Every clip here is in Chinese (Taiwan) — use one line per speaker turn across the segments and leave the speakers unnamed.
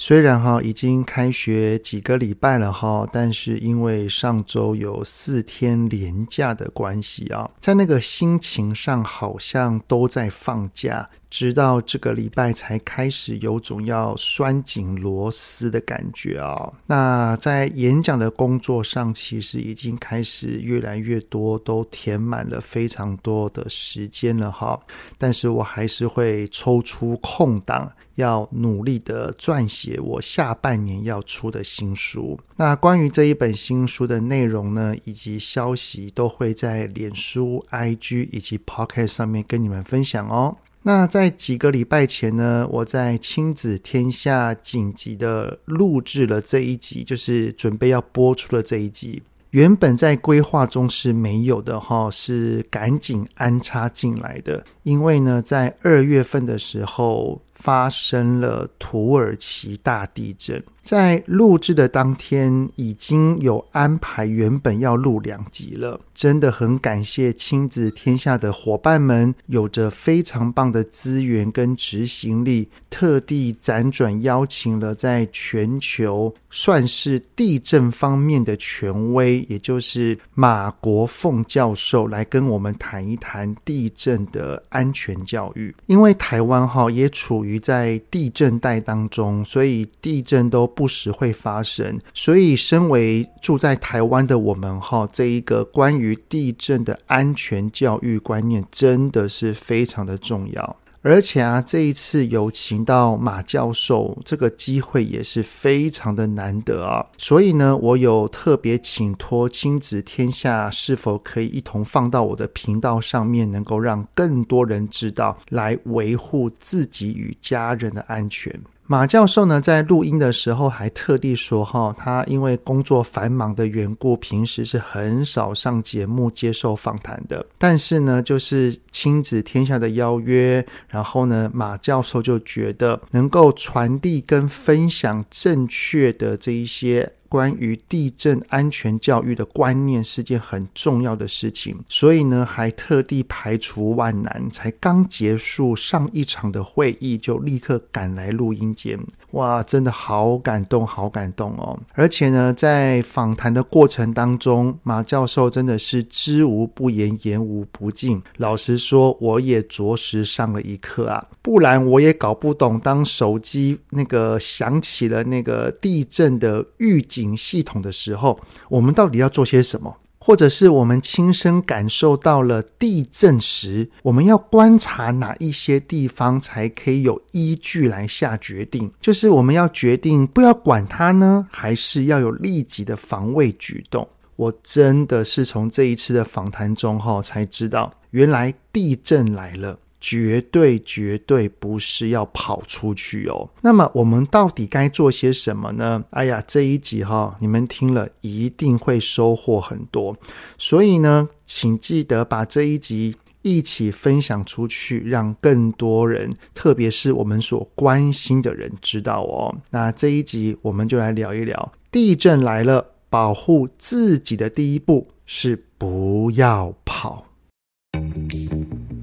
雖然哈已經開學幾個禮拜了哈，但是因為上周有四天連假的關係啊、哦，在那個心情上好像都在放假。直到這個禮拜才開始有種要拴緊螺絲的感覺哦，那在演講的工作上，其實已經開始越來越多，都填滿了非常多的時間了哈。但是我還是會抽出空檔，要努力的撰寫我下半年要出的新書。那關於這一本新書的內容呢，以及消息都會在臉書、IG 以及 Podcast 上面跟你們分享哦。那在幾個禮拜前呢，我在《親子天下》緊急的錄製了這一集，就是準備要播出的這一集。原本在規劃中是沒有的哈，是趕緊安插進來的。因為呢，在二月份的時候。發生了土耳其大地震，在錄製的當天已經有安排，原本要錄兩集了。真的很感謝親子天下的夥伴們，有着非常棒的資源跟執行力，特地輾轉邀請了在全球算是地震方面的權威，也就是馬國鳳教授，來跟我們談一談地震的安全教育。因為台灣哈也處於。於在地震帶當中，所以地震都不時會發生。所以，身為住在台灣的我們，哈，這一個關於地震的安全教育觀念，真的是非常的重要。而且啊，這一次有請到馬教授，這個機會也是非常的難得啊。所以呢，我有特別請托親子天下，是否可以一同放到我的頻道上面，能夠讓更多人知道，來維護自己與家人的安全。馬教授呢，在錄音的時候還特地說，哈、哦，他因為工作繁忙的緣故，平時是很少上節目接受訪談的。但是呢，就是親子天下的邀約，然後呢，馬教授就覺得能夠傳遞跟分享正確的這一些。關於地震安全教育的觀念是件很重要的事情，所以呢，還特地排除萬難，才剛結束上一場的會議，就立刻趕來錄音間。哇，真的好感動，好感動哦！而且呢，在訪談的過程當中，馬教授真的是知無不言，言無不盡。老實說，我也着實上了一課啊，不然我也搞不懂，當手機那個響起了那個地震的預警。警系統的時候，我們到底要做些什麼？或者是我們親身感受到了地震時，我們要觀察哪一些地方才可以有依據來下決定？就是我們要決定不要管它呢，還是要有立即的防衛舉動？我真的是從這一次的訪談中哈、哦、才知道，原來地震來了。絕對絕對不是要跑出去哦。那麼我們到底該做些什麼呢？哎呀，這一集哈，你們聽了一定會收穫很多。所以呢，請記得把這一集一起分享出去，讓更多人，特別是我們所關心的人知道哦。那這一集我們就來聊一聊：地震來了，保護自己的第一步是不要跑。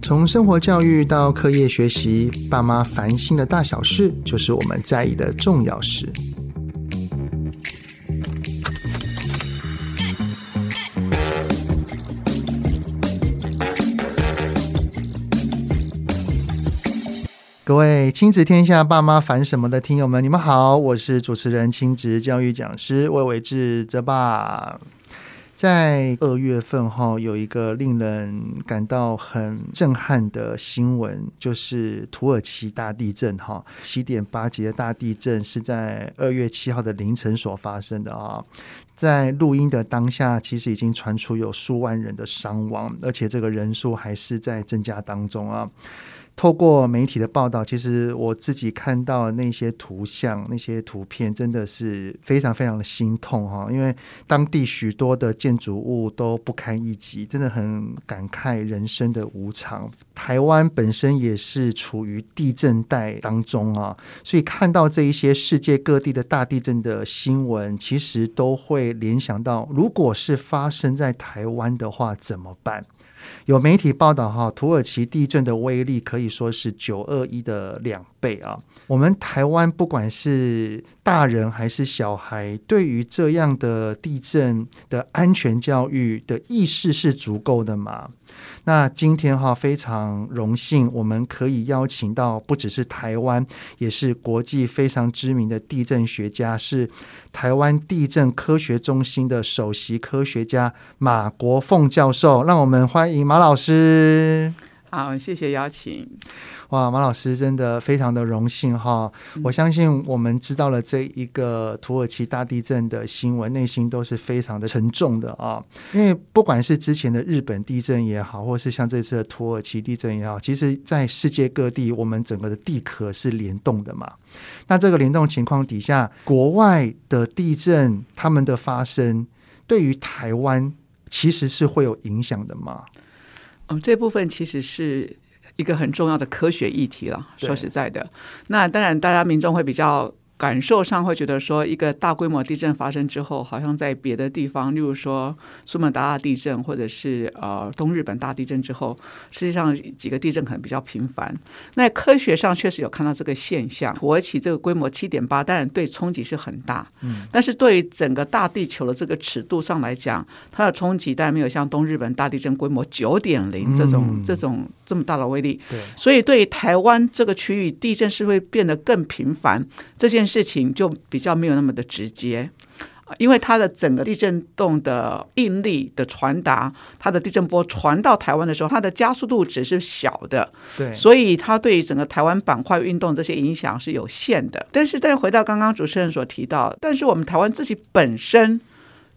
從生活教育到課業學習，爸媽煩心的大小事，就是我們在意的重要事。各位親子天下爸媽煩什麼的聽友們，你們好，我是主持人、親職教育講師魏瑋志澤爸。在二月份哈，有一個令人感到很震撼的新聞，就是土耳其大地震哈，七點八級的大地震是在二月七號的凌晨所發生的啊。在錄音的當下，其實已經傳出有數萬人的傷亡，而且這個人數還是在增加當中啊。透過媒體的報道，其實我自己看到那些圖像、那些圖片，真的是非常非常的心痛哈！因為當地許多的建築物都不堪一擊，真的很感慨人生的無常。台灣本身也是處於地震帶當中啊，所以看到這一些世界各地的大地震的新聞，其實都會聯想到，如果是發生在台灣的話，怎麼辦？有媒體報道哈，土耳其地震的威力可以說是九二一的兩倍啊。我們台灣不管是大人還是小孩，對於這樣的地震的安全教育的意識是足夠的嗎？那今天哈非常榮幸，我們可以邀請到不只是台灣，也是國際非常知名的地震學家，是台灣地震科學中心的首席科學家馬國鳳教授。讓我們歡迎馬老師。
好，謝謝邀請。
哇，馬老師真的非常的榮幸哈！我相信我們知道了這一個土耳其大地震的新聞，內心都是非常的沉重的啊。因為不管是之前的日本地震也好，或是像這次的土耳其地震也好，其實，在世界各地，我們整個的地殼是聯動的嘛。那這個聯動情況底下，國外的地震它們的發生，對於台灣其實是會有影響的嘛。
嗯，這部分其實是一個很重要的科學議題了。對說實在的，那當然大家民眾會比較。感受上會覺得說，一個大規模地震發生之後，好像在別的地方，例如說蘇門答臘地震，或者是呃東日本大地震之後，實際上幾個地震可能比較頻繁。那科學上確實有看到這個現象。土耳其這個規模七點八，但對衝擊是很大，嗯，但是對於整個大地球的這個尺度上來講，它的衝擊當然沒有像東日本大地震規模九點零這種這種這麼大的威力。嗯、對，所以對於台灣這個區域地震是會變得更頻繁這件事情就比較沒有那麼的直接，因為它的整個地震動的應力的傳達，它的地震波傳到台灣的時候，它的加速度只是小的，對，所以它對於整個台灣板塊運動這些影響是有限的。但是，再回到剛剛主持人所提到，但是我們台灣自己本身，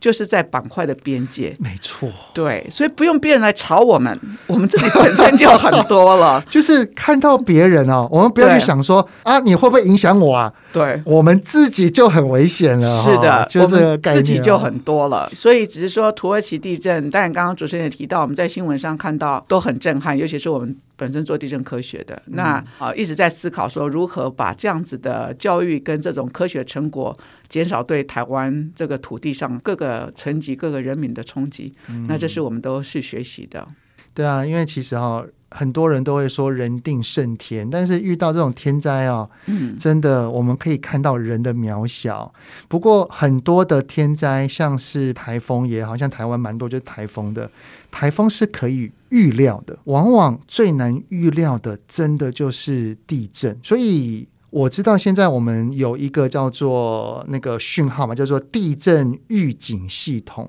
就是在板塊的邊界，沒錯錯，對，所以不用別人來吵我們，我們自己本身就有很
多了。 就是看到別人哦，我們不要去想說對啊，你會不會影響我啊？對，我們自己就很危險了、哦。是的，就是、哦、自己就很多了。
所以只是說土耳其地震，但剛剛主持人也提到，我們在新聞上看到都很震撼，尤其是我們。本身做地震科學的，那啊、嗯呃、一直在思考說如何把這樣子的教育跟這種科學成果，減少對台灣這個土地上各個層級各個人民的衝擊。嗯、那這是我們都是學習的。
對啊，因為其實哈、哦，很多人都會說人定勝天，但是遇到這種天災啊、哦，嗯、真的我們可以看到人的渺小。不過很多的天災，像是台風也好，像台灣蠻多就是台風的。颱風是可以預料的，往往最難預料的，真的就是地震。所以我知道現在我們有一個叫做那個訊號嘛，叫做地震預警系統。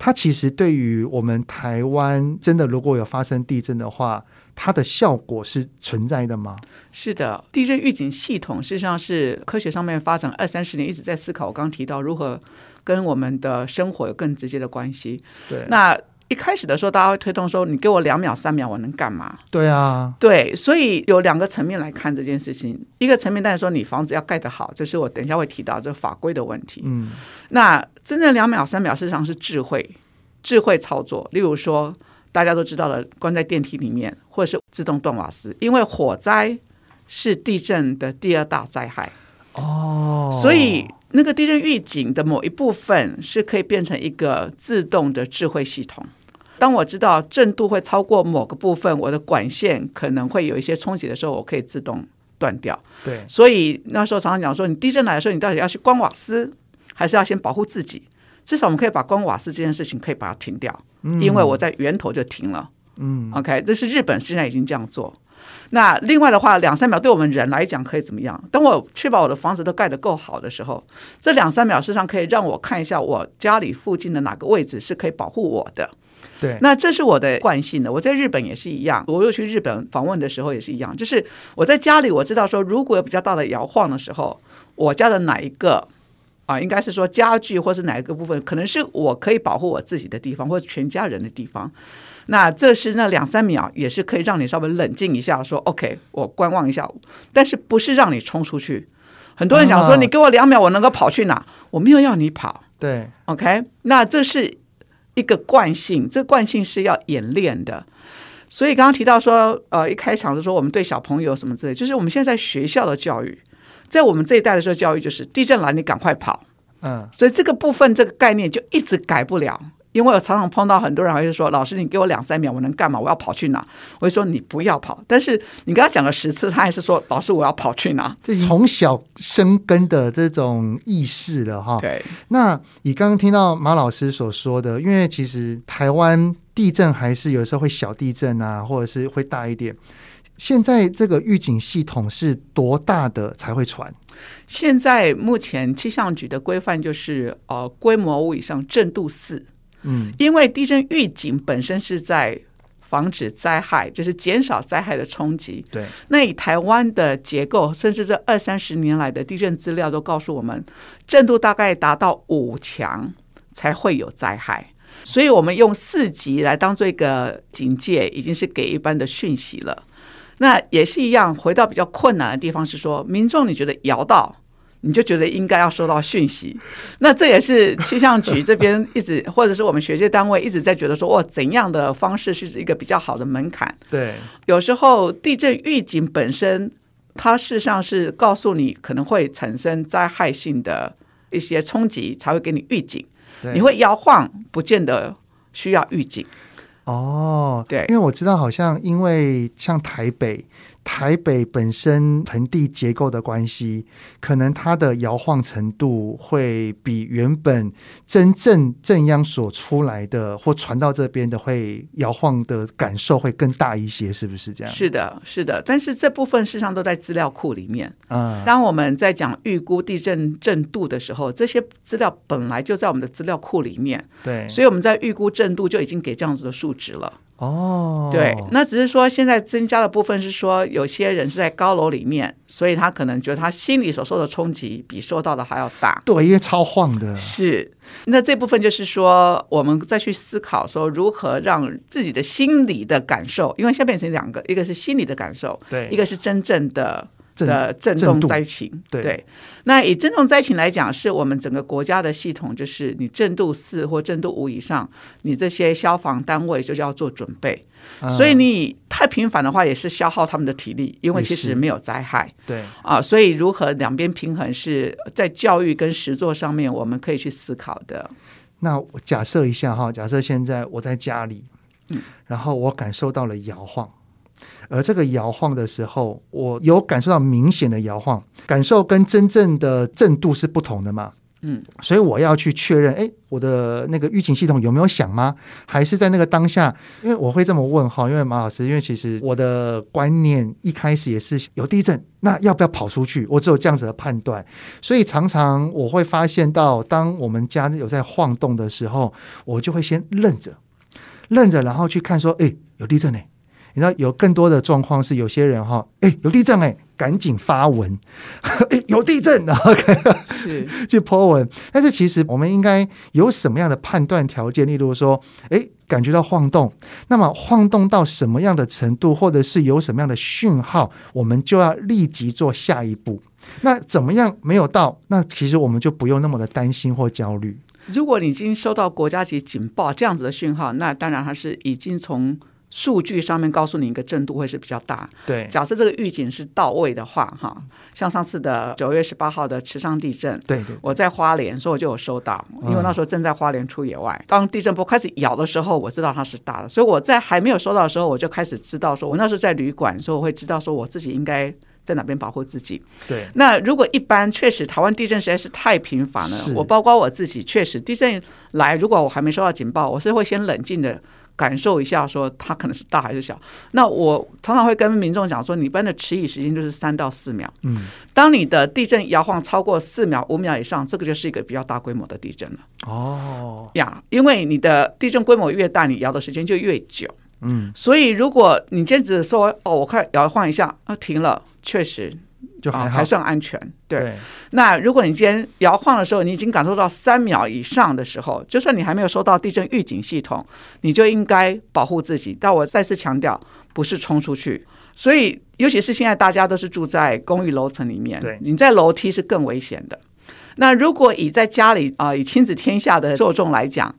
它其實對於我們台灣，真的如果有發生地震的話，它的效果是存在的嗎？
是的，地震預警系統事實上是科學上面發展二三十年一直在思考。我剛剛提到如何跟我們的生活有更直接的關係。對，那。一開始的時候，大家會推動說：“你給我兩秒、三秒，我能幹嘛？”
對啊，
對，所以有兩個層面來看這件事情。一個層面，但是說你房子要蓋得好，這是我等一下會提到這法規的問題。嗯，那真正兩秒、三秒實際上是智慧、智慧操作。例如說，大家都知道了，關在電梯裡面，或是自動斷瓦斯，因為火災是地震的第二大災害。哦，所以那個地震預警的某一部分是可以變成一個自動的智慧系統。當我知道震度會超過某個部分，我的管線可能會有一些衝擊的時候，我可以自動斷掉。對，所以那時候常常講說，你地震來的時候，你到底要去關瓦斯，還是要先保護自己？至少我們可以把關瓦斯這件事情可以把它停掉，因為我在源頭就停了。嗯，OK，這是日本現在已經這樣做。嗯，那另外的話，兩三秒對我們人來講可以怎麼樣？當我確保我的房子都蓋得夠好的時候，這兩三秒實際上可以讓我看一下我家裡附近的哪個位置是可以保護我的。對，那這是我的慣性的。我在日本也是一樣，我又去日本訪問的時候也是一樣，就是我在家裡我知道說，如果有比較大的搖晃的時候，我家的哪一個啊、呃，應該是說家具或是哪一個部分，可能是我可以保護我自己的地方，或者全家人的地方。那這是那兩三秒，也是可以讓你稍微冷靜一下，說 OK，我觀望一下。但是不是讓你衝出去？很多人想說，你給我兩秒，我能夠跑去哪？哦、我沒有要你跑。
對
，OK，那這是。一個慣性，這個慣性是要演練的。所以剛剛提到說，呃，一開場的時候我們對小朋友什麼之類，就是我們現在在學校的教育，在我們這一代的時候，教育就是地震來你趕快跑，嗯，所以這個部分這個概念就一直改不了。因為我常常碰到很多人，還是說：“老師，你給我兩三秒，我能幹嘛？我要跑去哪？”我就說：“你不要跑。”但是你跟他講了十次，他還是說：“老師，我要跑去哪？”
這從小生根的這種意識了，哈。對。那你剛剛聽到馬老師所說的，因為其實台灣地震還是有時候會小地震啊，或者是會大一點。現在這個預警系統是多大的才會傳？現在目前氣象
局的規範就是，呃，規模五以上，震度四。嗯，因為地震預警本身是在防止災害，就是減少災害的衝擊。對，那以台灣的結構，甚至這二三十年來的地震資料都告訴我們，震度大概達到五強才會有災害，所以我們用四級來當做一個警戒，已經是給一般的訊息了。那也是一樣，回到比較困難的地方是說，民眾你覺得搖到？你就覺得應該要收到訊息，那這也是氣象局這邊一直， 或者是我們學界單位一直在覺得說，哇，怎樣的方式是一個比較好的門檻？對，有時候地震預警本身，它事實上是告訴你可能會產生災害性的一些衝擊才會給你預警，對你會搖晃不見得需要預
警。哦，對，因為我知道好像因為像台北。台北本身盆地結構的關係，可能它的搖晃程度會比原本真正震央所出來的或傳到這邊的，會搖晃的感受會更大一些，是不是這樣？是
的，是的。但是這部分事實上都在資料庫裡面。啊、嗯，當我們在講預估地震震度的時候，這些資料本來就在我們的資料庫裡面。對，所以我們在預估震度就已經給這樣子的數值了。哦，oh, 對，那只是說現在增加的部分是說，有些人是在高樓裡面，所以他可能覺得他心裡所受的衝擊比受到的還要大。
對，因為超晃的。是，
那這部分就是說，我們再去思考說，如何讓自己的心理的感受，因為現在變成兩個，一個是心理的感受，對，一個是真正的。的震動災情，對,對，那以震動災情來講，是我們整個國家的系統，就是你震度四或震度五以上，你這些消防單位就要做準備。嗯、所以你太頻繁的話，也是消耗他們的體力，因為其實沒有災害。對，啊，所以如何兩邊平衡，是在教育跟實作上面，我們可以去思考的。
那我假設一下哈，假設現在我在家裡，嗯，然後我感受到了搖晃。而這個搖晃的時候，我有感受到明顯的搖晃，感受跟真正的震度是不同的嘛？嗯，所以我要去確認，哎、欸，我的那個預警系統有沒有響嗎？還是在那個當下，因為我會這麼問哈，因為馬老師，因為其實我的觀念一開始也是有地震，那要不要跑出去？我只有這樣子的判斷，所以常常我會發現到，當我們家有在晃動的時候，我就會先愣着，愣着，然後去看說，哎、欸，有地震呢、欸。你知道有更多的狀況是有些人哈，哎、欸，有地震哎、欸，趕緊發文呵呵、欸，有地震，OK，是去 PO 文。但是其實我們應該有什麼樣的判斷條件？例如說，哎、欸，感覺到晃動，那麼晃動到什麼樣的程度，或者是有什麼樣的訊號，我們就要立即做下一步。那怎麼樣沒有到？那其實我們就不用那麼的擔心或焦慮。
如果你已經收到國家級警報這樣子的訊號，那當然它是已經從。數據上面告訴你一個震度會是比較大。對，假設這個預警是到位的話，哈，像上次的九月十八號的池上地震，對，對，對，我在花蓮，所以我就有收到，嗯、因為那時候正在花蓮出野外，當地震波開始咬的時候，我知道它是大的，所以我在還沒有收到的時候，我就開始知道說，我那時候在旅館，所以我會知道說我自己應該在哪邊保護自己。對，那如果一般確實台灣地震實在是太頻繁了，是我包括我自己，確實地震來，如果我還沒收到警報，我是會先冷靜的。感受一下，說它可能是大還是小。那我常常會跟民眾講說，你一般的持續時間就是三到四秒。嗯，當你的地震搖晃超過四秒、五秒以上，這個就是一個比較大規模的地震了。哦，呀，因為你的地震規模越大，你搖的時間就越久。嗯，所以如果你這樣子說哦，我看搖晃一下，啊，停了，確實。就還好、哦、還算安全，對。對。那如果你今天搖晃的時候，你已經感受到三秒以上的時候，就算你還沒有收到地震預警系統，你就應該保護自己。但我再次強調，不是衝出去。所以，尤其是現在大家都是住在公寓樓層裡面，對，你在樓梯是更危險的。那如果以在家裡啊、呃，以親子天下的受眾來講。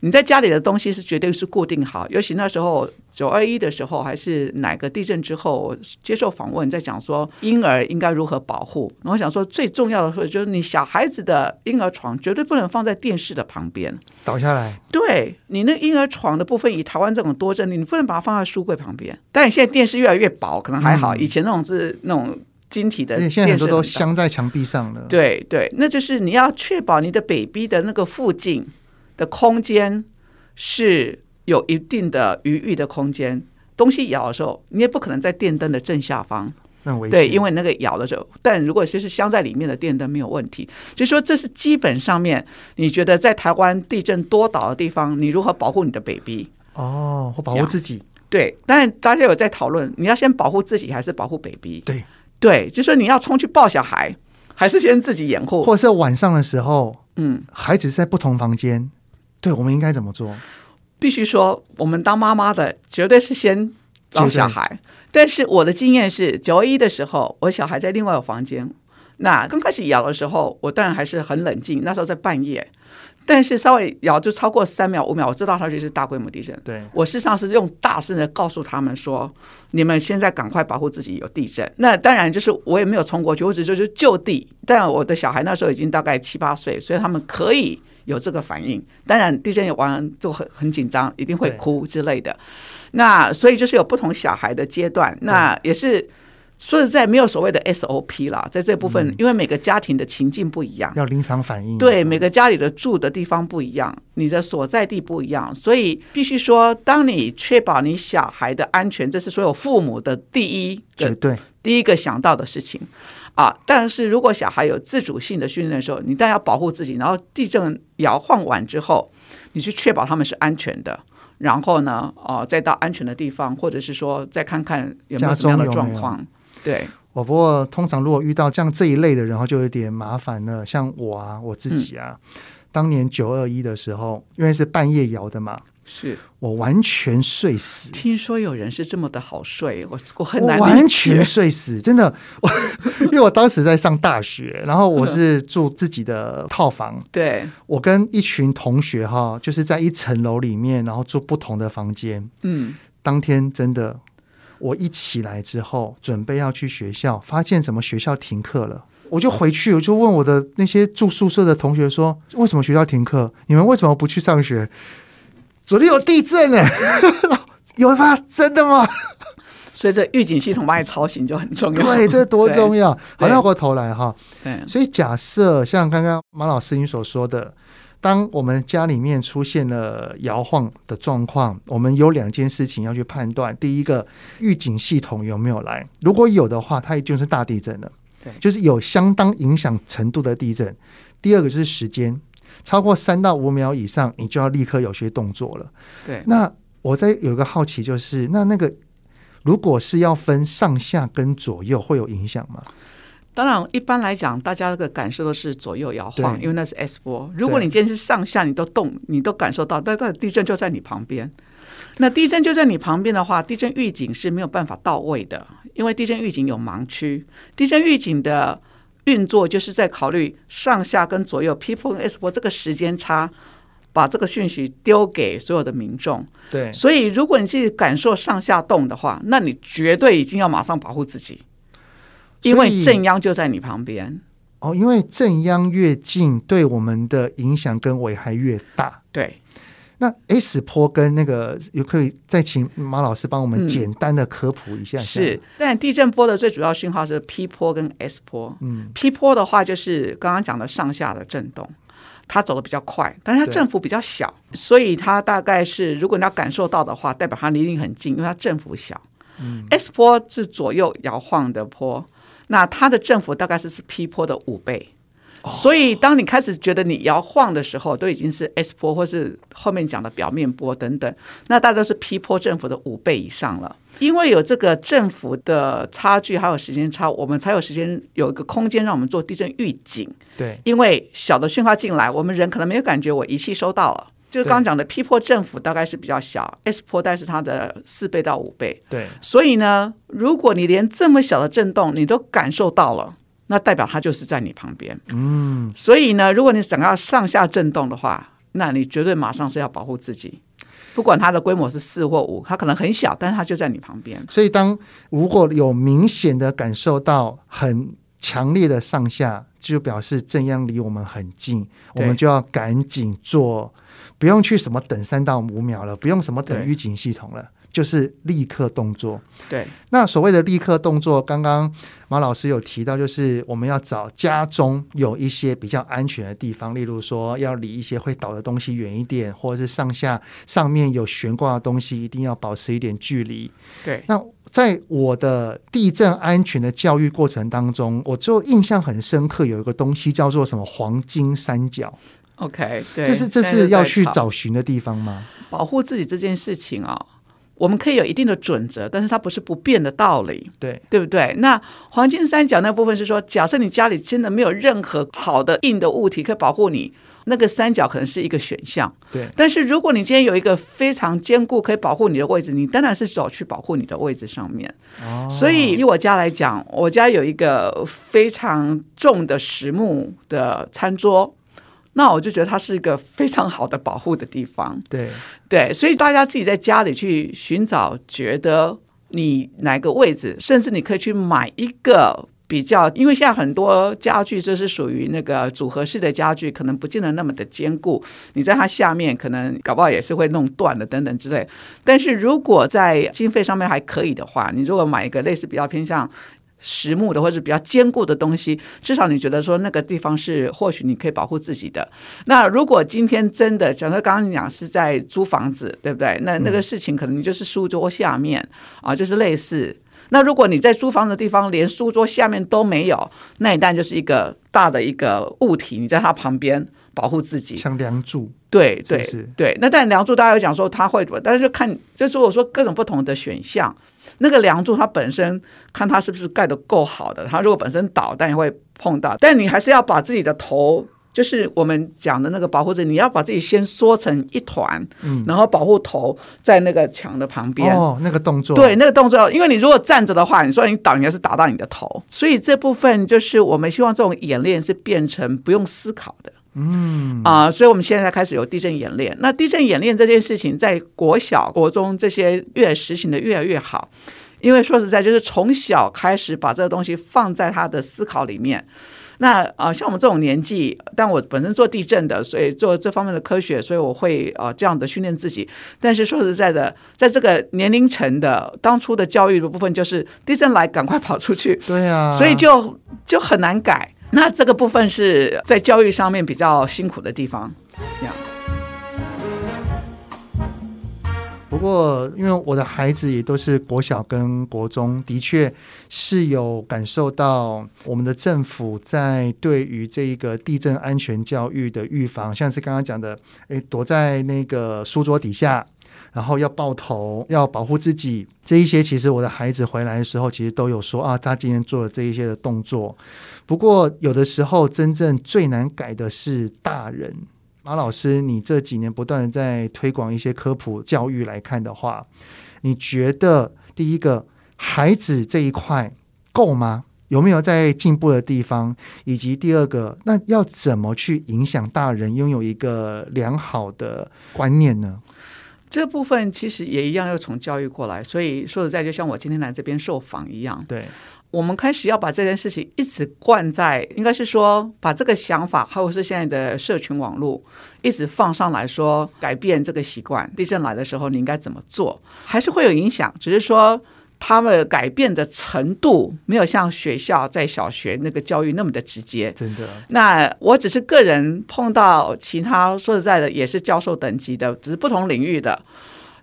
你在家裡的東西是絕對是固定好，尤其那時候九二一的時候，還是哪個地震之後接受訪問，在講說嬰兒應該如何保護。我想說最重要的是就是你小孩子的嬰兒床絕對不能放在電視的旁邊倒下來。對，你那嬰兒床的部分，以台灣這種多震，你不能把它放在書櫃旁邊。但你現在電視越來越薄，可能還好。嗯，以前那種是那種晶體的電視，現在很多都鑲
在牆壁上了。對
對，那就是你要確保你的 baby 的那個附近，的空間是有一定的餘裕的空間。東西搖的時候，你也不可能在電燈的正下方。那我對，因為那個搖的時候，但如果其實鑲在裡面的電燈沒有問題。就是說這是基本上面，你覺得在臺灣地震多倒的地方，你如何保護你的 baby？
哦，或保護自己。
對，但大家有在討論，你要先保護自己還是保護 baby？對，對，就是說你要衝去抱小孩，還是先自己掩護？或
者是晚上的時候，嗯，孩子在不同房間。對，我們應該怎麼做？
必須說，我們當媽媽的絕對是先找小孩。對但是我的經驗是，九二一的時候，我小孩在另外一個房間。那剛開始搖的時候，我當然還是很冷靜。那時候在半夜，但是稍微搖就超過三秒五秒，我知道它就是大規模地震。對我事實上是用大聲的告訴他們說：“你們現在趕快保護自己，有地震。”那當然就是我也沒有衝過去，我只是就是就地。但我的小孩那時候已經大概七八歲，所以他們可以，有這個反應，當然地震也完就很很緊張，一定會哭之類的。對那所以就是有不同小孩的階段，對那也是，說實在沒有所謂的 SOP 啦，在這部分，嗯、因為每個家庭的情境不一樣，
要臨場反應。對，
嗯、每個家裡的住的地方不一樣，你的所在地不一樣，所以必須說，當你確保你小孩的安全，這是所有父母的第一個對第一個想到的事情。啊，但是如果小孩有自主性的訓練的時候，你當然要保護自己，然後地震搖晃完之後，你去確保他們是安全的，然後呢，哦、呃，再到安全的地方，或者是說再看看有沒有什麼樣的狀況。有有對，
我不過通常如果遇到像這，這一類的人，然後就有點麻煩了。像我啊，我自己啊，嗯、當年九二一的時候，因為是半夜搖的嘛。是我完全睡死。
聽說有人是這麼的好睡，我我很難，我完全睡
死。真的，我因為我當時在上大學， 然後我是住自己的套房。對，我跟一群同學哈，就是在一層樓裡面，然後住不同的房間。嗯，當天真的，我一起來之後，準備要去學校，發現怎麼學校停課了，我就回去，我就問我的那些住宿舍的同學說，為什麼學校停課？你們為什麼不去上學？昨天有地震哎，
有嗎？真的嗎？所以這預警系統把你吵醒就很重要。 對，這多重要！對好，像過
頭來哈。對。對所以假設像剛剛馬老師你所說的，當我們家裡面出現了搖晃的狀況，我們有兩件事情要去判斷：第一個，預警系統有沒有來？如果有的話，它就是大地震了，對，就是有相當影響程度的地震。第二個就是時間。超過三到五秒以上，你就要立刻有些動作了。對。那我在有一個好奇，就是那那個如果是要分上下跟左右，會有影響嗎？
當然，一般來講，大家的感受都是左右搖晃，對因為那是 S 波。如果你今天是上下，你都動，你都感受到，但它的地震就在你旁邊。那地震就在你旁邊的話，地震預警是沒有辦法到位的，因為地震預警有盲區。地震預警的。運作就是在考慮上下跟左右，P 波跟 S 波這個時間差，把這個訊息丟給所有的民眾。對，所以如果你去感受上下動的話，那你絕對已經要馬上保護自己，
因為震
央就在你旁邊。
哦，因為震央越近，對我們的影響跟危害越大。對。那 S 波跟那個，也可以再請馬老師幫我們簡單的科普一下，嗯。是，
但地震波的最主要訊號是 P 波跟 S 波。嗯，P 波的話就是剛剛講的上下的震動，它走得比較快，但是它振幅比較小，對，所以它大概是如果你要感受到的話，代表它離你很近，因為它振幅小。嗯，S 波是左右搖晃的波，那它的振幅大概是是 P 波的五倍。所以，當你開始覺得你搖晃的時候，都已經是 S 波或是後面講的表面波等等，那大家都是 P 波振幅的五倍以上了。因為有這個振幅的差距，還有時間差，我們才有時間有一個空間讓我們做地震預警。對，因為小的訊號進來，我們人可能沒有感覺，我儀器收到了。就是剛剛講的 P 波振幅大概是比較小，對，S 波但是它的四倍到五倍。對，所以呢，如果你連這麼小的震動你都感受到了。那代表它就是在你旁邊，嗯，所以呢，如果你想要上下震動的話，那你絕對馬上是要保護自己，不管它的規模是四或五，它可能很小，但是它就在你旁邊。
所以，當如果有明顯的感受到很強烈的上下，就表示震央離我們很近，對我們就要趕緊做，不用去什麼等三到五秒了，不用什麼等預警系統了。就是立刻動作。對，那所謂的立刻動作，剛剛馬老師有提到，就是我們要找家中有一些比較安全的地方，例如說要離一些會倒的東西遠一點，或者是上下上面有懸掛的東西，一定要保持一點距離。對。那在我的地震安全的教育過程當中，我就印象很深刻，有一個東西叫做什麼黃金三角。
OK，對，這是這是要去找
尋的地方嗎？在在
保護自己這件事情啊、哦。我們可以有一定的準則，但是它不是不變的道理，對，對不對？那黃金三角那部分是說，假設你家裡真的沒有任何好的硬的物體可以保護你，那個三角可能是一個選項，對。但是如果你今天有一個非常堅固可以保護你的位置，你當然是走去保護你的位置上面。哦，所以以我家來講，我家有一個非常重的實木的餐桌。那我就覺得它是一個非常好的保護的地方。對對，對所以大家自己在家裡去尋找，覺得你哪個位置，甚至你可以去買一個比較，因為現在很多家具這是屬於那個組合式的家具，可能不見得那麼的堅固。你在它下面可能搞不好也是會弄斷的等等之類。但是如果在經費上面還可以的話，你如果買一個類似比較偏向。實木的或者是比較堅固的東西，至少你覺得說那個地方是或許你可以保護自己的。那如果今天真的，假設剛剛你講是在租房子，對不對？那那個事情可能你就是書桌下面、嗯、啊，就是類似。那如果你在租房的地方連書桌下面都沒有，那一旦就是一個大的一個物體，你在它旁邊。保護自己，像樑柱，對對對。那但樑柱大家有講說他會，但是就看就是我說各種不同的選項。那個梁柱他本身看他是不是蓋得夠好的，他如果本身倒，但也會碰到。但你還是要把自己的頭，就是我們講的那個保護者，你要把自己先縮成一團，嗯，然後保護頭在那個牆的旁邊。哦，
那個動作，對，
那個動作，因為你如果站着的話，你說你倒應該是打到你的頭，所以這部分就是我們希望這種演練是變成不用思考的。嗯啊、呃，所以我們現在開始有地震演練。那地震演練這件事情，在國小、國中這些越實行的越來越好，因為說實在，就是從小開始把這個東西放在他的思考裡面。那啊、呃，像我們這種年紀，但我本身做地震的，所以做這方面的科學，所以我會啊、呃、這樣的訓練自己。但是說實在的，在這個年齡層的當初的教育的部分，就是地震來趕快跑出去，
對啊，所以
就就很難改。那這個部分是在教育上面比較辛苦的地方，
不過，因為我的孩子也都是國小跟國中，的確是有感受到我們的政府在對於這一個地震安全教育的預防，像是剛剛講的，誒，躲在那個書桌底下，然後要抱頭，要保護自己這一些，其實我的孩子回來的時候，其實都有說啊，他今天做了這一些的動作。不過，有的時候真正最難改的是大人。馬老師，你這幾年不斷地在推廣一些科普教育來看的話，你覺得第一個孩子這一塊夠嗎？有沒有在進步的地方？以及第二個，那要怎麼去影響大人擁有一個良好的觀念呢？
這部分其實也一樣，要從教育過來。所以說實在，就像我今天來這邊受訪一樣。對，我們開始要把這件事情一直灌在，應該是說把這個想法，還有是現在的社群網絡，一直放上來說，說改變這個習慣。地震來的時候，你應該怎麼做？還是會有影響，只是說。他們改變的程度沒有像學校在小學那個教育那麼的直接。真的啊。那我只是個人碰到其他說實在的也是教授等級的，只是不同領域的，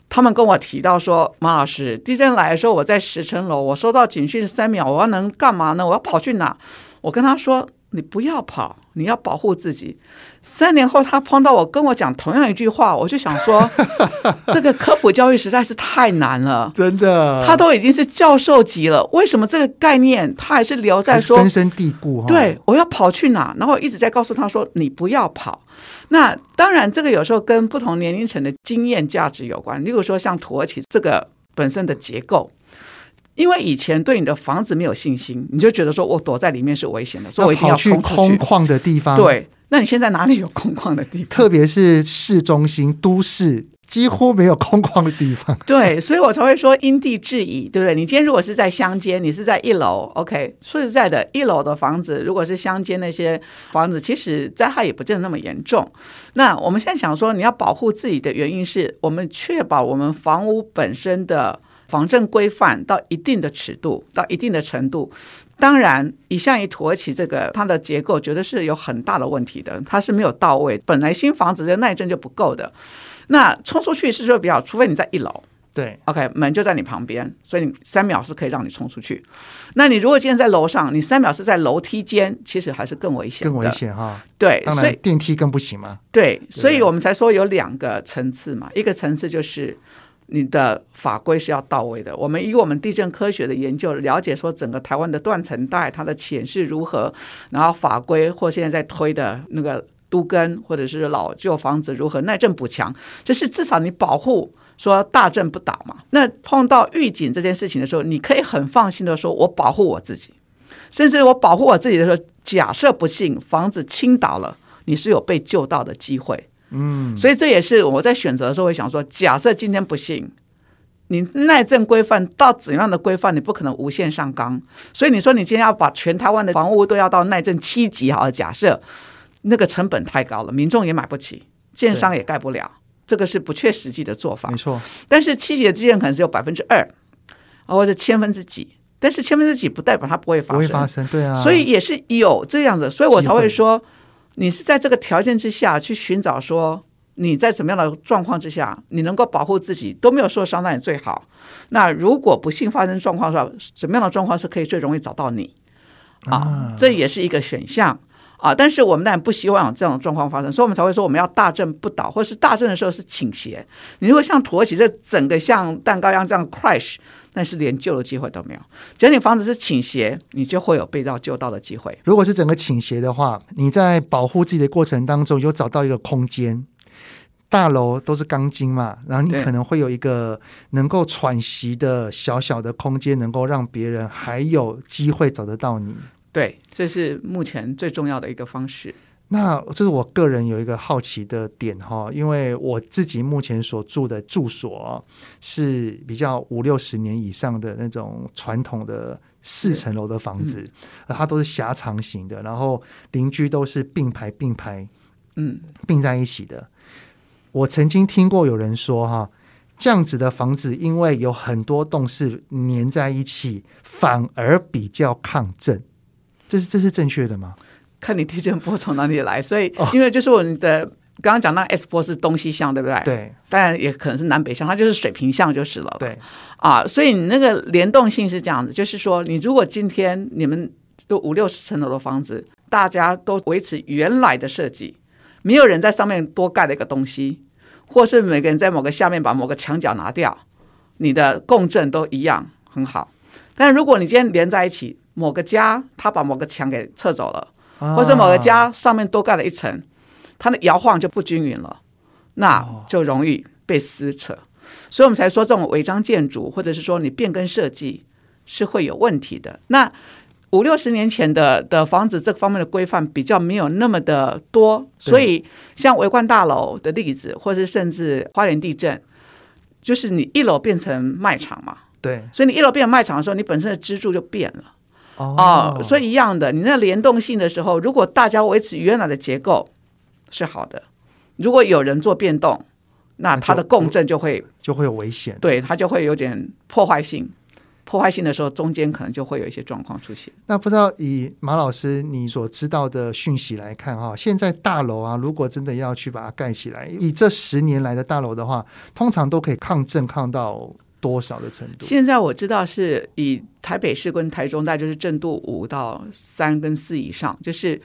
他們跟我提到說，馬老師，地震來的時候我在十層樓，我收到警訊三秒，我要能幹嘛呢？我要跑去哪？我跟他說，你不要跑。你要保護自己。三年後，他碰到我，跟我講同樣一句話，我就想說， 這個科普教育實在是太難了，真的。他都已經是教授級了，為什麼這個概念他還是留在說根深
蒂固哦。對，
我要跑去哪兒？然後一直在告訴他說：“你不要跑。”那當然，這個有時候跟不同年齡層的經驗價值有關，例如說像土耳其這個本身的結構。因為以前對你的房子沒有信心，你就覺得說我躲在裡面是危險的，所以我一定要，去要去空曠
的地方。對，
那你現在哪
裡有空曠的地方？特別是市中心、都市幾乎沒有空曠的地方。
對，所以我才會說因地制宜，對不對？你今天如果是在鄉間，你是在一樓，OK。說實在的，一樓的房子如果是鄉間那些房子，其實災害也不見得那麼嚴重。那我們現在想說，你要保護自己的原因，是我們確保我們房屋本身的。防震規範到一定的尺度，到一定的程度，當然，以像一土耳其這個，它的結構絕對是有很大的問題的，它是沒有到位。本來新房子的耐震就不夠的，那衝出去是說比較，除非你在一樓，對，OK，門就在你旁邊，所以你三秒是可以讓你衝出去。那你如果今天在樓上，你三秒是在樓梯間，其實還是更危險，更危險哈、哦。對，所以
電梯更不行嗎？對，
對對所以我們才說有兩個層次嘛，一個層次就是。你的法規是要到位的。我們以我們地震科學的研究了解說，整個台灣的斷層帶它的潛勢如何，然後法規或現在在推的那個都更或者是老舊房子如何耐震補強，就是至少你保護說大震不倒嘛。那碰到預警這件事情的時候，你可以很放心的說，我保護我自己，甚至我保護我自己的時候，假設不幸房子傾倒了，你是有被救到的機會。嗯，所以這也是我在選擇的時候，會想說，假設今天不幸，你耐震規範到怎樣的規範，你不可能無限上綱。所以你說你今天要把全台灣的房屋都要到耐震七級，好假設，那個成本太高了，民眾也買不起，建商也蓋不了，這個是不切實際的做法。沒錯，但是七級的基建可能只有百分之二，或者千分之幾，但是千分之幾不代表它不會發
生，對啊，所以
也是有這樣子，所以我才會說。你是在這個條件之下去尋找說，你在什麼樣的狀況之下，你能夠保護自己都沒有說，傷到你最好。那如果不幸發生狀況的時候，什麼樣的狀況是可以最容易找到你啊？這也是一個選項啊。但是我們當然不希望有這樣的狀況發生，所以我們才會說我們要大震不倒，或是大震的時候是傾斜。你如果像土耳其這整個像蛋糕一樣這樣 crash，但是連救的機會都沒有。只要你房子是傾斜，你就會有被到救到的機會。
如果是整個傾斜的話，你在保護自己的過程當中，有找到一個空間，大樓都是鋼筋嘛，然後你可能會有一個能夠喘息的小小的空間，對能夠讓別人還有機會找得到你。
對，這是目前最重要的一個方式。
那這是我個人有一個好奇的點哈，因為我自己目前所住的住所，啊、是比較五六十年以上的那種傳統的四層樓的房子，對它都是狹長型的，嗯、然後鄰居都是並排並排，嗯，併在一起的。嗯、我曾經聽過有人說哈、啊，這樣子的房子因為有很多棟是粘在一起，反而比較抗震，這是這是正確的嗎？
看你地震波從哪裡來，所以因為就是我們的剛剛講那 S 波是東西向，對不對？對，當然也可能是南北向，它就是水平向就是了。對啊，所以你那個聯動性是這樣子，就是說，你如果今天你們都五六十層樓的房子，大家都維持原來的設計，沒有人在上面多蓋了一個東西，或是每個人在某個下面把某個牆角拿掉，你的共振都一樣很好。但如果你今天連在一起，某個家他把某個牆給撤走了。或是某個家上面多蓋了一層，它的搖晃就不均勻了，那就容易被撕扯，oh. 所以我們才說這種違章建築，或者是說你變更設計是會有問題的。那五六十年前的的房子，這方面的規範比較沒有那麼的多，對所以像維冠大樓的例子，或者甚至花蓮地震，就是你一樓變成賣場嘛，對，所以你一樓變成賣場的時候，你本身的支柱就變了。哦、oh，呃，所以一樣的，你那聯動性的時候，如果大家維持原來的結構是好的，如果有人做變動，那它的共振就會就，
就會有危險，
對它就會有點破壞性。破壞性的時候，中間可能就會有一些狀況出現。
那不知道以馬老師你所知道的訊息來看、哦，哈，現在大樓啊，如果真的要去把它蓋起來，以這十年來的大樓的話，通常都可以抗震抗到多少的程度？
現在我知道是以台北市跟台中大，就是震度五到三跟四以上，就是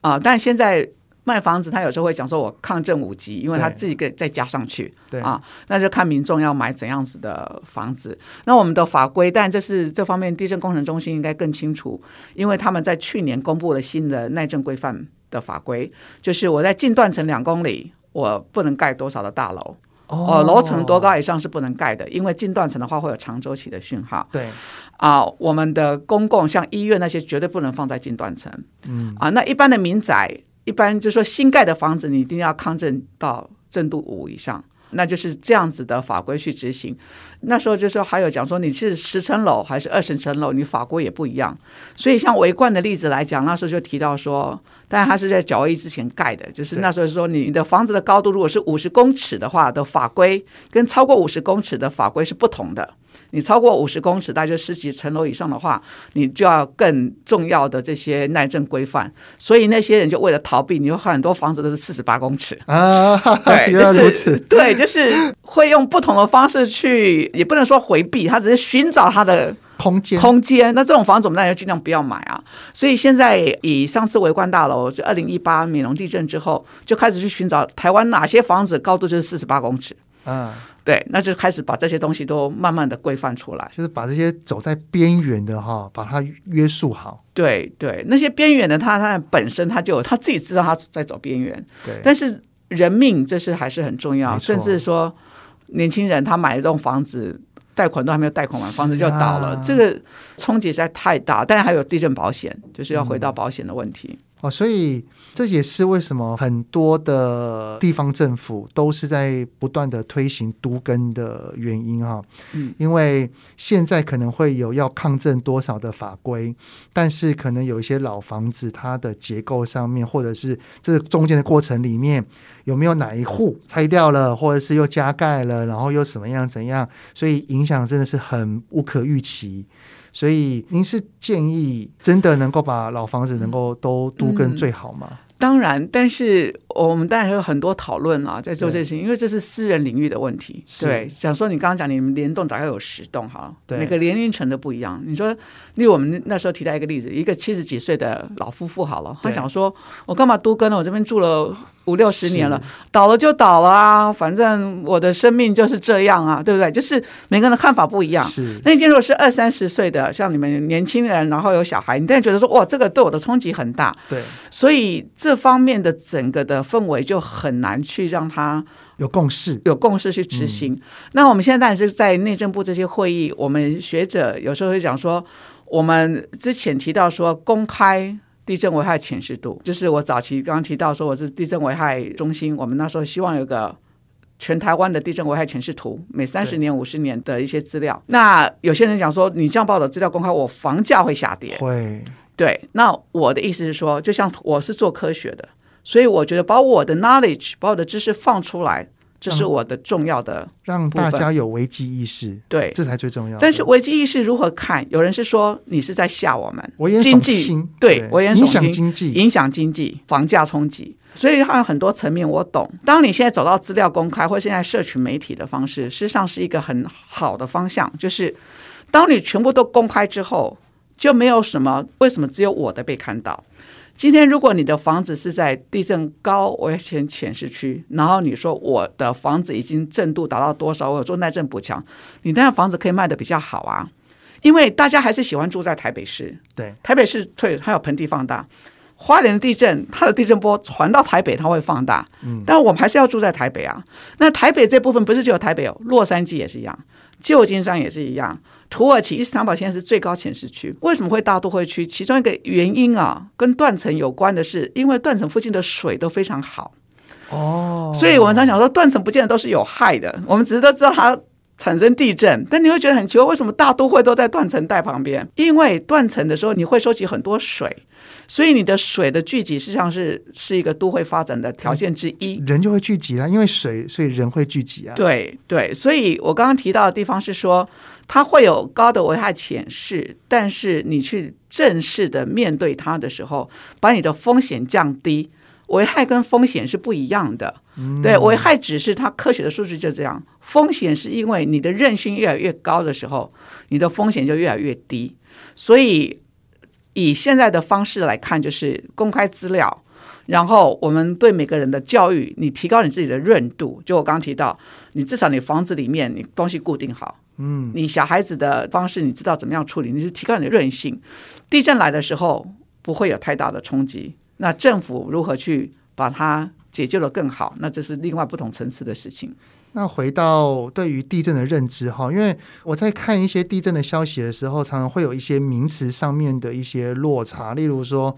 啊、呃。但現在賣房子，他有時候會講說，我抗震五級，因為他自己給再加上去。對啊，那就看民眾要買怎樣子的房子。對那我們的法規，但這是這方面地震工程中心應該更清楚，因為他們在去年公布了新的耐震規範的法規，就是我在近斷層兩公里，我不能蓋多少的大樓。哦，oh, 樓層多高以上是不能蓋的，因為近斷層的話會有長週期的訊號。對，啊，我們的公共像醫院那些絕對不能放在近斷層。嗯，啊，那一般的民宅，一般就是說新蓋的房子你一定要抗震到震度五以上，那就是這樣子的法規去執行。那時候就是說還有講說你是十層樓還是二十層樓，你法規也不一樣。所以像維冠的例子來講，那時候就提到說。但是他是在九二一之前蓋的，就是那時候說你的房子的高度如果是五十公尺的話的法規，跟超過五十公尺的法規是不同的。你超過五十公尺，大概就十幾層樓以上的話，你就要更重要的這些耐震規範。所以那些人就為了逃避，你有很多房子都是四十八公尺
啊，對，就是
對，就是會用不同的方式去，也不能說回避，他只是尋找他的空間，空間。那這種房子，我們大家儘量不要買啊。所以現在以上次維冠大樓，就二零一八美濃地震之後，就開始去尋找台灣哪些房子高度就是四十八公尺。
嗯，
對，那就開始把這些東西都慢慢的規範出來，
就是把這些走在邊緣的哈、哦，把它約束好。
對對，那些邊緣的他，他他本身他就他自己知道他在走邊緣。對。但是人命這事還是很重要，錯甚至說年輕人他買一棟房子。貸款都還沒有貸款完，房子就倒了，啊、這個衝擊實在太大。但是還有地震保險，就是要回到保險的問題。嗯
哦，所以這也是為什麼很多的地方政府都是在不斷的推行都更的原因哈，嗯，因為現在可能會有要抗震多少的法規，但是可能有一些老房子，它的結構上面，或者是這中間的過程裡面，有沒有哪一戶拆掉了，或者是又加蓋了，然後又怎麼樣怎樣，所以影響真的是很無可預期。所以，您是建議真的能夠把老房子能夠都都更最好嗎？嗯，
當然，但是我們當然有很多討論啊，在做這些，對因為這是私人領域的問題。對，是想說你剛剛講你們連棟大概有十棟哈，每個年齡層都不一樣。對你說，例如我們那時候提到一個例子，一個七十幾歲的老夫婦好了，對他想說，我幹嘛都更呢？我這邊住了。五六十年了，是倒了就倒了啊，反正我的生命就是這樣啊，對不對？就是每個人的看法不一樣。是那今天如果是二三十歲的，像你們年輕人，然後有小孩，你當然覺得說，哇，這個對我的衝擊很大。對，所以這方面的整個的氛圍就很難去讓他有共識，有共識去執行。嗯，那我們現在是在內政部這些會議，我們學者有時候會講說，我們之前提到說公開。地震危害潛勢度，就是我早期剛剛提到說我是地震危害中心，我們那時候希望有一個全台灣的地震危害潛勢圖，每三十年、五十年的一些資料。對那有些人講說，你這樣把我的資料公開，我房價會下跌。會，對。那我的意思是說，就像我是做科學的，所以我覺得把我的 knowledge，把我的知識放出來。這是我的重要的，
讓大家有危機意識，對，這才最重要。但是
危機意識如何看？有人是說你是在嚇我們，經濟對，危言聳聽，經濟影響經濟，房價衝擊。所以還有很多層面我懂。當你現在走到資料公開或現在社群媒體的方式，事實上是一個很好的方向，就是當你全部都公開之後，就沒有什麼為什麼只有我的被看到。今天如果你的房子是在地震高危險潛勢區，然後你說我的房子已經震度達到多少，我有做耐震補強，你那房子可以賣的比較好啊，因為大家還是喜歡住在台北市。對，台北市對，它有盆地放大，花蓮地震它的地震波傳到台北它會放大，嗯，但我們還是要住在台北啊。那台北這部分不是只有台北，洛杉磯也是一樣，舊金山也是一樣。土耳其伊斯坦堡現在是最高潛勢區，為什麼會大都會區？其中一個原因啊，跟斷層有關的是，因為斷層附近的水都非常好，哦，oh. 所以我們常想說斷層不見得都是有害的，我們只是都知道它，產生地震，但你會覺得很奇怪，為什麼大都會都在斷層帶旁邊？因為斷層的時候，你會收集很多水，所以你的水的聚集實際上是是，是一個都會發展的條件之一。
人，人就會聚集啊，因為水，所以人會聚集啊。對
對，所以我剛剛提到的地方是說，它會有高的危害潛勢，但是你去正式的面對它的時候，把你的風險降低。危害跟風險是不一樣的，嗯、對，危害只是它科學的數據就這樣。風險是因為你的韌性越來越高的時候，你的風險就越來越低。所以以現在的方式來看，就是公開資料，然後我們對每個人的教育，你提高你自己的韌度。就我剛剛提到，你至少你房子裡面你東西固定好，嗯，你小孩子的方式你知道怎麼樣處理，你是提高你的韌性，地震來的時候不會有太大的衝擊。那政府如何去把它解救得更好？那這是另外不同層次的事情。
那回到對於地震的認知哈，因為我在看一些地震的消息的時候，常常會有一些名詞上面的一些落差，例如說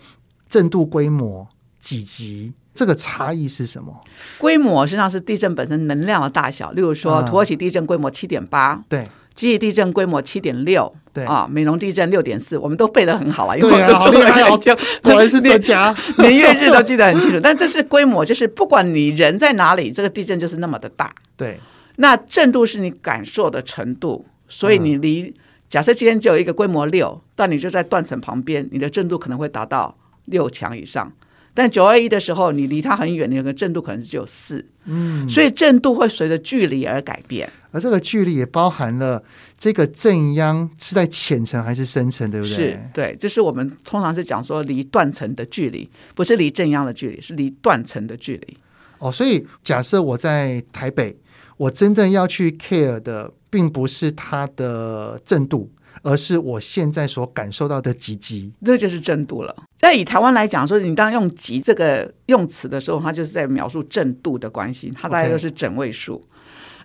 震度、規模、幾級，這個差異是什麼？
規模實際上是地震本身能量的大小，例如說土耳其地震規模七點八，對。集集地，地震規模七點六，啊，美濃地震六點四，我們都背得很好啊，因為我們都做研究，是專家，年 月日都記得很清楚。 但這是規模，就是不管你人在哪裡，這個地震就是那麼的大。對，那震度是你感受的程度，所以你離、嗯、假設今天只有一個規模六，但你就在斷層旁邊，你的震度可能會達到六強以上。但九二一的時候，你離它很遠，你的震度可能只有四。
嗯，所
以震度會隨着距離而改變。
而這個距離也包含了這個震央是在淺層還是深層，對不對？是
對，就是我們通常是講說離斷層的距離，不是離震央的距離，是離斷層的距離。哦，
所以假設我在台北，我真正要去 care 的，並不是它的震度，而是我現在所感受到的幾級，
這就是震度了。在以台灣來講說，你當用級這個用詞的時候，它、嗯、就是在描述震度的關係，它大概就是整位數。Okay.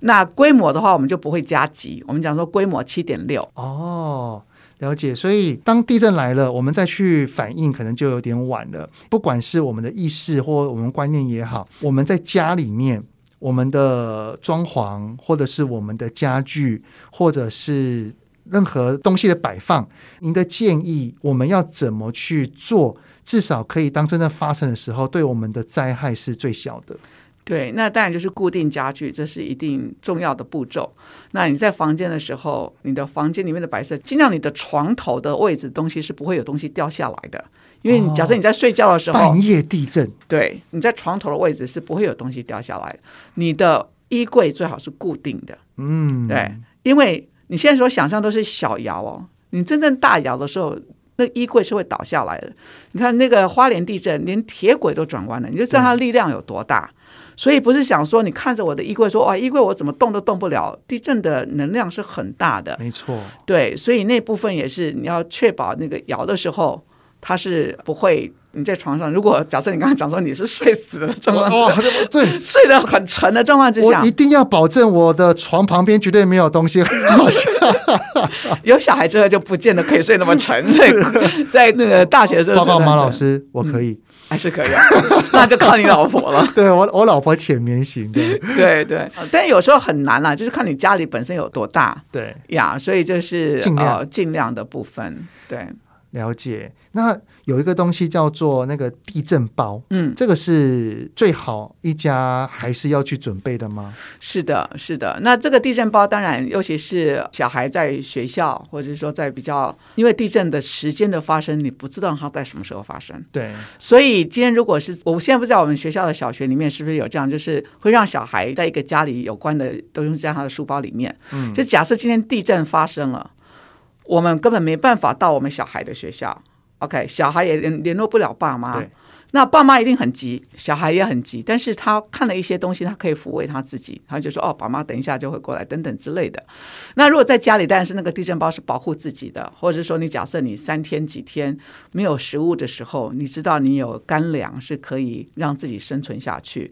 那規模的話，我們就不會加急。我們講說規模七點六
哦，oh, 了解。所以，當地震來了，我們再去反應，可能就有點晚了。不管是我們的意識或我們觀念也好，我們在家裡面，我們的裝潢，或者是我們的家具，或者是任何東西的擺放，您的建議，我們要怎麼去做，至少可以當真的發生的時候，對我們的災害是最小的？
對，那當然就是固定家具，這是一定重要的步驟。那你在房間的時候，你的房間裡面的擺設，盡量你的床頭的位置的東西是不會有東西掉下來的，因為你假設你在睡覺的時候，哦、半
夜地震，
對，你在床頭的位置是不會有東西掉下來的。你的衣櫃最好是固定的，
嗯，對，
因為你現在所想象都是小搖哦，你真正大搖的時候，那衣櫃是會倒下來的。你看那個花蓮地震，連鐵軌都轉彎了，你就知道它力量有多大。所以不是想說你看着我的衣櫃說，哇，衣櫃，我怎麼動都動不了，地震的能量是很大的，沒錯。對，所以那部分也是你要確保那個搖的時候它是不會你在床上。如果假設你剛剛講說你是睡死的狀況，對，睡得很沉的狀況之下，我一
定要保證我的床旁邊絕對沒有東西。
有小孩之後就不見得可以睡那麼沉。是在那個大學的時候，報告馬老師，我可以。嗯還是可
以啊， 那就靠你老婆了。 對我，我老婆淺眠型的。對, 對
對，但有時候很難啦，就是看你家裡本身有多大。對呀，所以就是盡量呃，盡量的部分，對。
了解，那有一個東西叫做那個地震包，嗯，這個是最好一家還是要去準備的嗎？
是的，是的。那這個地震包，當然，尤其是小孩在學校，或者是說在比較，因為地震的時間的發生，你不知道它在什麼時候發生，對。所以今天，如果是我現在不知道我們學校的小學裡面，是不是有這樣，就是會讓小孩在一個家裡有關的都用在他的書包裡面？嗯，就假設今天地震發生了。我們根本沒辦法到我們小孩的學校，OK？小孩也聯聯絡不了爸媽，對那爸媽一定很急，小孩也很急。但是他看了一些東西，他可以撫慰他自己，他就說：“哦，爸媽等一下就會過來，等等之類的。”那如果在家裡，但是那個地震包是保護自己的，或者是說，你假設你三天幾天沒有食物的時候，你知道你有乾糧是可以讓自己生存下去。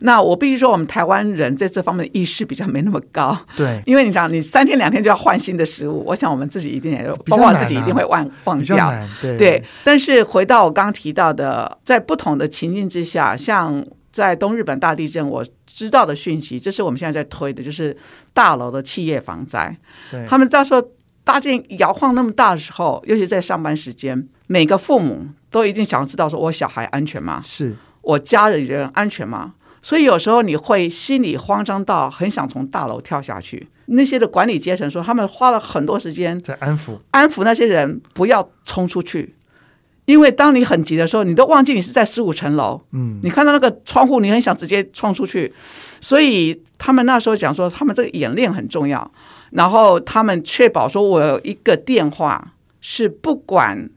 那我必須說，我們台灣人在這方面的意識比較沒那麼高。對，因為你想，你三天兩天就要換新的食物，我想我們自己一定也有，啊、包括自己一定會忘忘掉。對，對，但是回到我剛剛提到的，在不同的情境之下，像在東日本大地震，我知道的訊息，這是我們現在在推的，就是大樓的企業防災。對，他們到時候搭建搖晃那麼大的時候，尤其在上班時間，每個父母都一定想要知道：說我小孩安全嗎？是我家裡人安全嗎？所以有時候你會心裡慌張到很想從大樓跳下去。那些的管理階層說，他們花了很多時間在安撫安撫那些人，不要衝出去。因為當你很急的時候，你都忘記你是在十五層樓。嗯，你看到那個窗戶，你很想直接衝出去。所以他們那時候講說，他們這個演練很重要。然後他們確保說我有一個電話是不管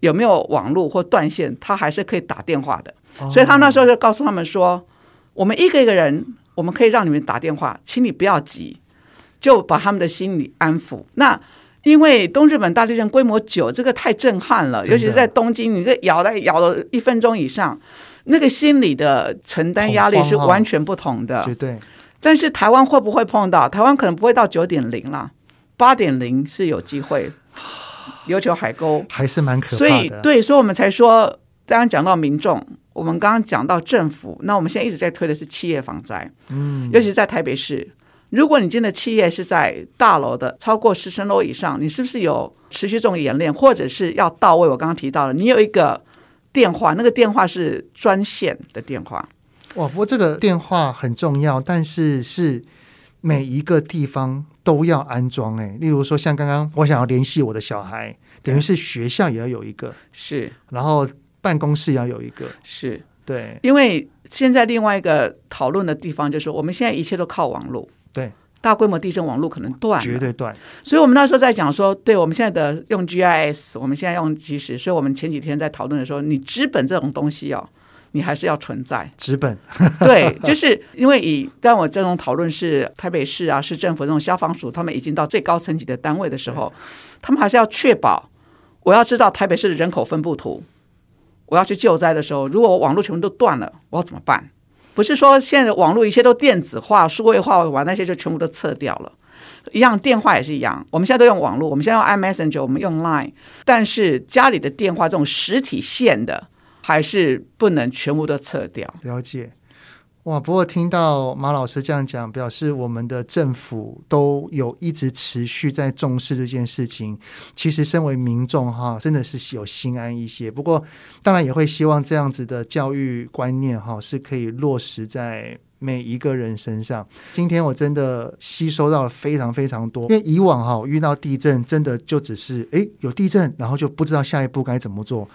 有沒有網絡或斷線，他還是可以打電話的。所以他那時候就告訴他們說。我們一個一個人，我們可以讓你們打電話，請你不要急，就把他們的心理安撫。那因為東日本大地震規模九，這個太震撼了，的尤其是在東京，你這搖了搖了一分鐘以上，那個心理的承擔壓力是完全不同的。絕對。但是台灣會不會碰到？台灣可能不會到九點零了，八點零是有機會。琉球 海溝
還是蠻可怕的。所以，對，
所以我們才說，剛剛講到民眾。我們剛剛講到政府，那我們現在一直在推的是企業防災，嗯，尤其是在台北市。如果你真的企業是在大樓的超過十層樓以上，你是不是有持續這種演練，或者是要到位？我剛剛提到了，你有一個電話，那個電話是專線的電話。
哇，不過這個電話很重要，但是是每一個地方都要安裝、欸。哎，例如說像剛剛我想要聯繫我的小孩，等於是學校也要有一個，是、嗯，然後。辦公室要有一個，是對，因
為現在另外一個討論的地方就是，我們現在一切都靠網絡，對，大規模地震網絡可能斷，絕對斷，所以我們那時候在講說，對，我們現在的用 GIS，我們現在用即時，所以我們前幾天在討論的時候，你資本這種東西哦，你還是要存在，
資本， 對，
就是因為以當我這種討論是台北市啊，市政府這種消防署，他們已經到最高層級的單位的時候，對他們還是要確保，我要知道台北市的人口分布圖。我要去救災的時候，如果我網絡全部都斷了，我要怎麼辦？不是說現在的網絡一切都電子化、數位化完，那些就全部都撤掉了。一樣，電話也是一樣，我們現在都用網絡，我們現在用 i messenger，我們用 Line，但是家裡的電話這種實體線的還是不能全部都撤掉。
了解。哇！不過聽到馬老師這樣講，表示我們的政府都有一直持續在重視這件事情。其實身為民眾哈，真的是有心安一些。不過當然也會希望這樣子的教育觀念哈，是可以落實在每一個人身上。今天我真的吸收到了非常非常多，因為以往哈遇到地震，真的就只是誒有地震，然後就不知道下一步該怎麼做。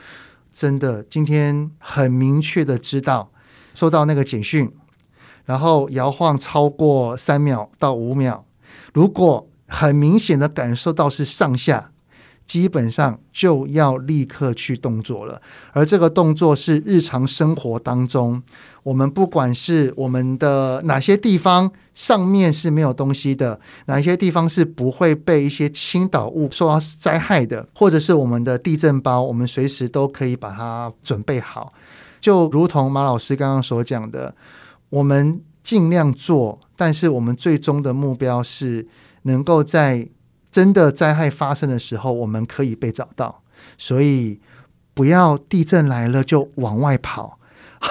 真的，今天很明確的知道收到那個簡訊。然後搖晃超過三秒到五秒，如果很明顯的感受到是上下，基本上就要立刻去動作了。而這個動作是日常生活當中，我們不管是我們的哪些地方上面是沒有東西的，哪些地方是不會被一些傾倒物受到災害的，或者是我們的地震包，我們隨時都可以把它準備好。就如同馬老師剛剛所講的。我們盡量做，但是我們最終的目標是能夠在真的災害發生的時候，我們可以被找到。所以，不要地震來了就往外跑，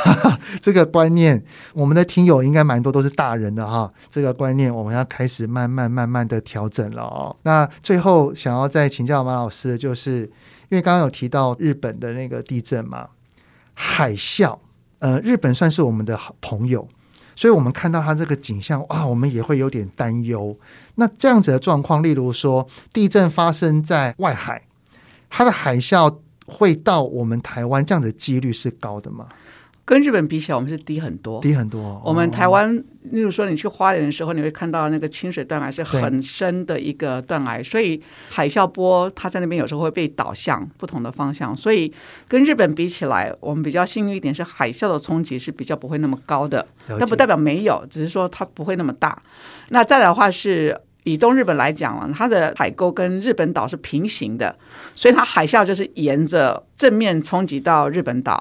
這個觀念，我們的聽友應該蠻多都是大人的哈。這個觀念，我們要開始慢慢慢慢的調整了哦。那最後想要再請教馬老師，就是因為剛剛有提到日本的那個地震嘛，海嘯，呃，日本算是我們的好朋友。所以我們看到它這個景象啊，我們也會有點擔憂。那這樣子的狀況，例如說地震發生在外海，它的海嘯會到我們台灣，這樣子的幾率是高的嗎？跟日本比起來，我們是低很多，低很多。哦、我們台
灣，哦、例如說你去花蓮的時候，你會看到那個清水斷崖是很深的一個斷崖，對所以海嘯波它在那邊有時候會被導向不同的方向。所以跟日本比起來，我們比較幸運一點是海嘯的衝擊是比較不會那麼高的，那解不代表沒有，只是說它不會那麼大。那再來的話是以東日本來講、啊，它的海溝跟日本島是平行的，所以它海嘯就是沿着正面衝擊到日本島。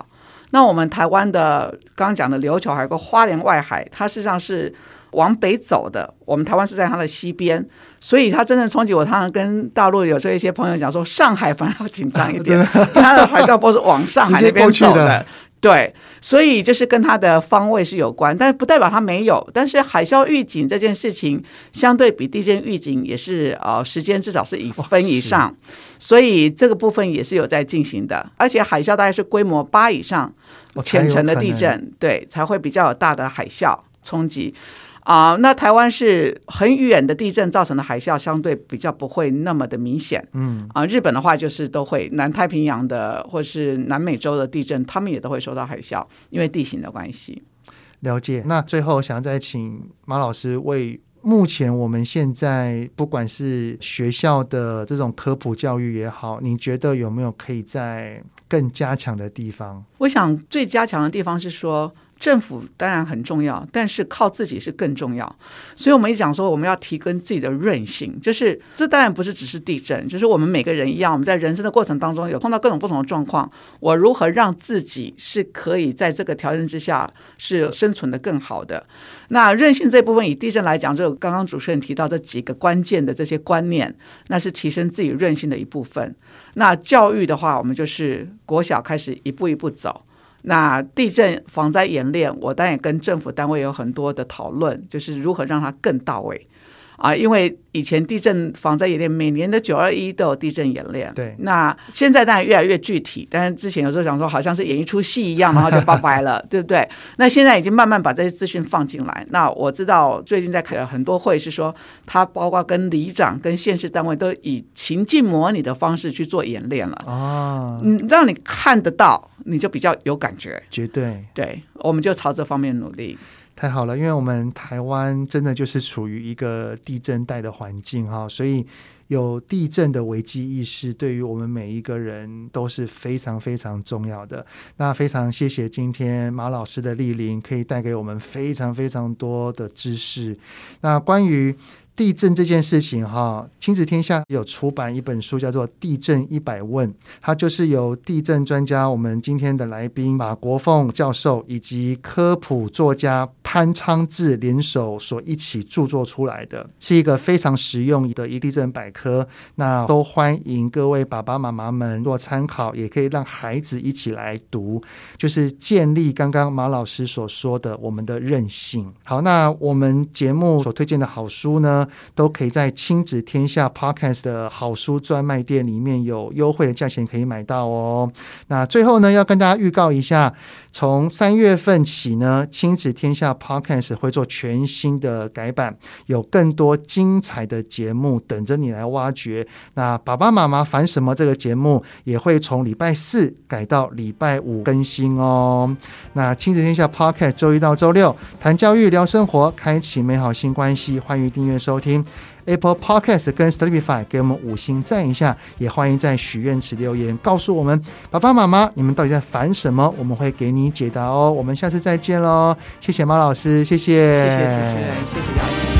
那我們台灣的剛剛講的琉球，還有個花蓮外海，它實際上是往北走的。我們台灣是在它的西邊，所以它真正衝擊我。我常常跟大陸有這一些朋友講，說上海反而要緊張一點， 真的它的海嘯波是往上海那邊 過去的。對，所以就是跟它的方位是有關，但不代表它沒有。但是海嘯預警這件事情，相對比地震預警也是呃時間至少是一分以上，哇塞。所以這個部分也是有在進行的。而且海嘯大概是規模八以上，淺層的地震，哦、才對才會比較有大的海嘯衝擊。啊、呃，那台灣是很遠的地震造成的海嘯，相對比較不會那麼的明顯。嗯，啊、呃，日本的話就是都會南太平洋的或是南美洲的地震，他們也都會受到海嘯，因為地形的關係。
了解。那最後我想再請馬老師為目前我們現在不管是學校的這種科普教育也好，你覺得有沒有可以在更加強的地方？
我想最加強的地方是說。政府當然很重要，但是靠自己是更重要。所以我們一講說，我們要提升自己的韌性，就是這當然不是只是地震，就是我們每個人一樣，我們在人生的過程當中有碰到各種不同的狀況，我如何讓自己是可以在這個條件之下是生存的更好的。那韌性這部分，以地震來講，就剛剛主持人提到這幾個關鍵的這些觀念，那是提升自己韌性的一部分。那教育的話，我們就是國小開始一步一步走。那地震防災演練，我當然也跟政府單位有很多的討論，就是如何讓它更到位。啊，因為以前地震防災演練，每年的九二一都有地震演練。對，那現在當然越來越具體，但是之前有時候講說，好像是演一出戲一樣，然後就拜拜了， 對不對？那現在已經慢慢把這些資訊放進來。那我知道最近在開了很多會，是說他包括跟里長、跟縣市單位都以情境模擬的方式去做演練
了
啊，嗯，讓你看得到，你就比較有感覺。絕對對，我們就朝這方面努力。
太好了，因為我們台灣真的就是處於一個地震帶的環境哈，所以有地震的危機意識，對於我們每一個人都是非常非常重要的。那非常謝謝今天馬老師的蒞臨，可以帶給我們非常非常多的知識。那關於地震這件事情哈，親子天下有出版一本書，叫做《地震一百問》，它就是由地震專家我們今天的來賓馬國鳳教授以及科普作家潘昌志聯手所一起著作出來的，是一個非常實用的一地震百科。那都歡迎各位爸爸媽媽們做參考，也可以讓孩子一起來讀，就是建立剛剛馬老師所說的我們的韌性。好，那我們節目所推薦的好書呢，都可以在親子天下 Podcast 的好書專賣店裡面有優惠的價錢可以買到哦。那最後呢，要跟大家預告一下，從三月份起呢，親子天下 Podcast 會做全新的改版，有更多精彩的節目等着你來挖掘。那爸爸媽媽煩什麼這個節目也會從禮拜四改到禮拜五更新哦。那親子天下 Podcast 週一到週六談教育，聊生活，開啟美好新關係，歡迎訂閱收收聽 Apple Podcast 跟 Spotify，給我們五星贊一下，也歡迎在許願池留言告訴我們爸爸媽媽，你們到底在煩什麼？我們會給你解答哦。我們下次再見嘍，謝謝馬老師，謝謝，謝謝，謝謝，謝謝大家。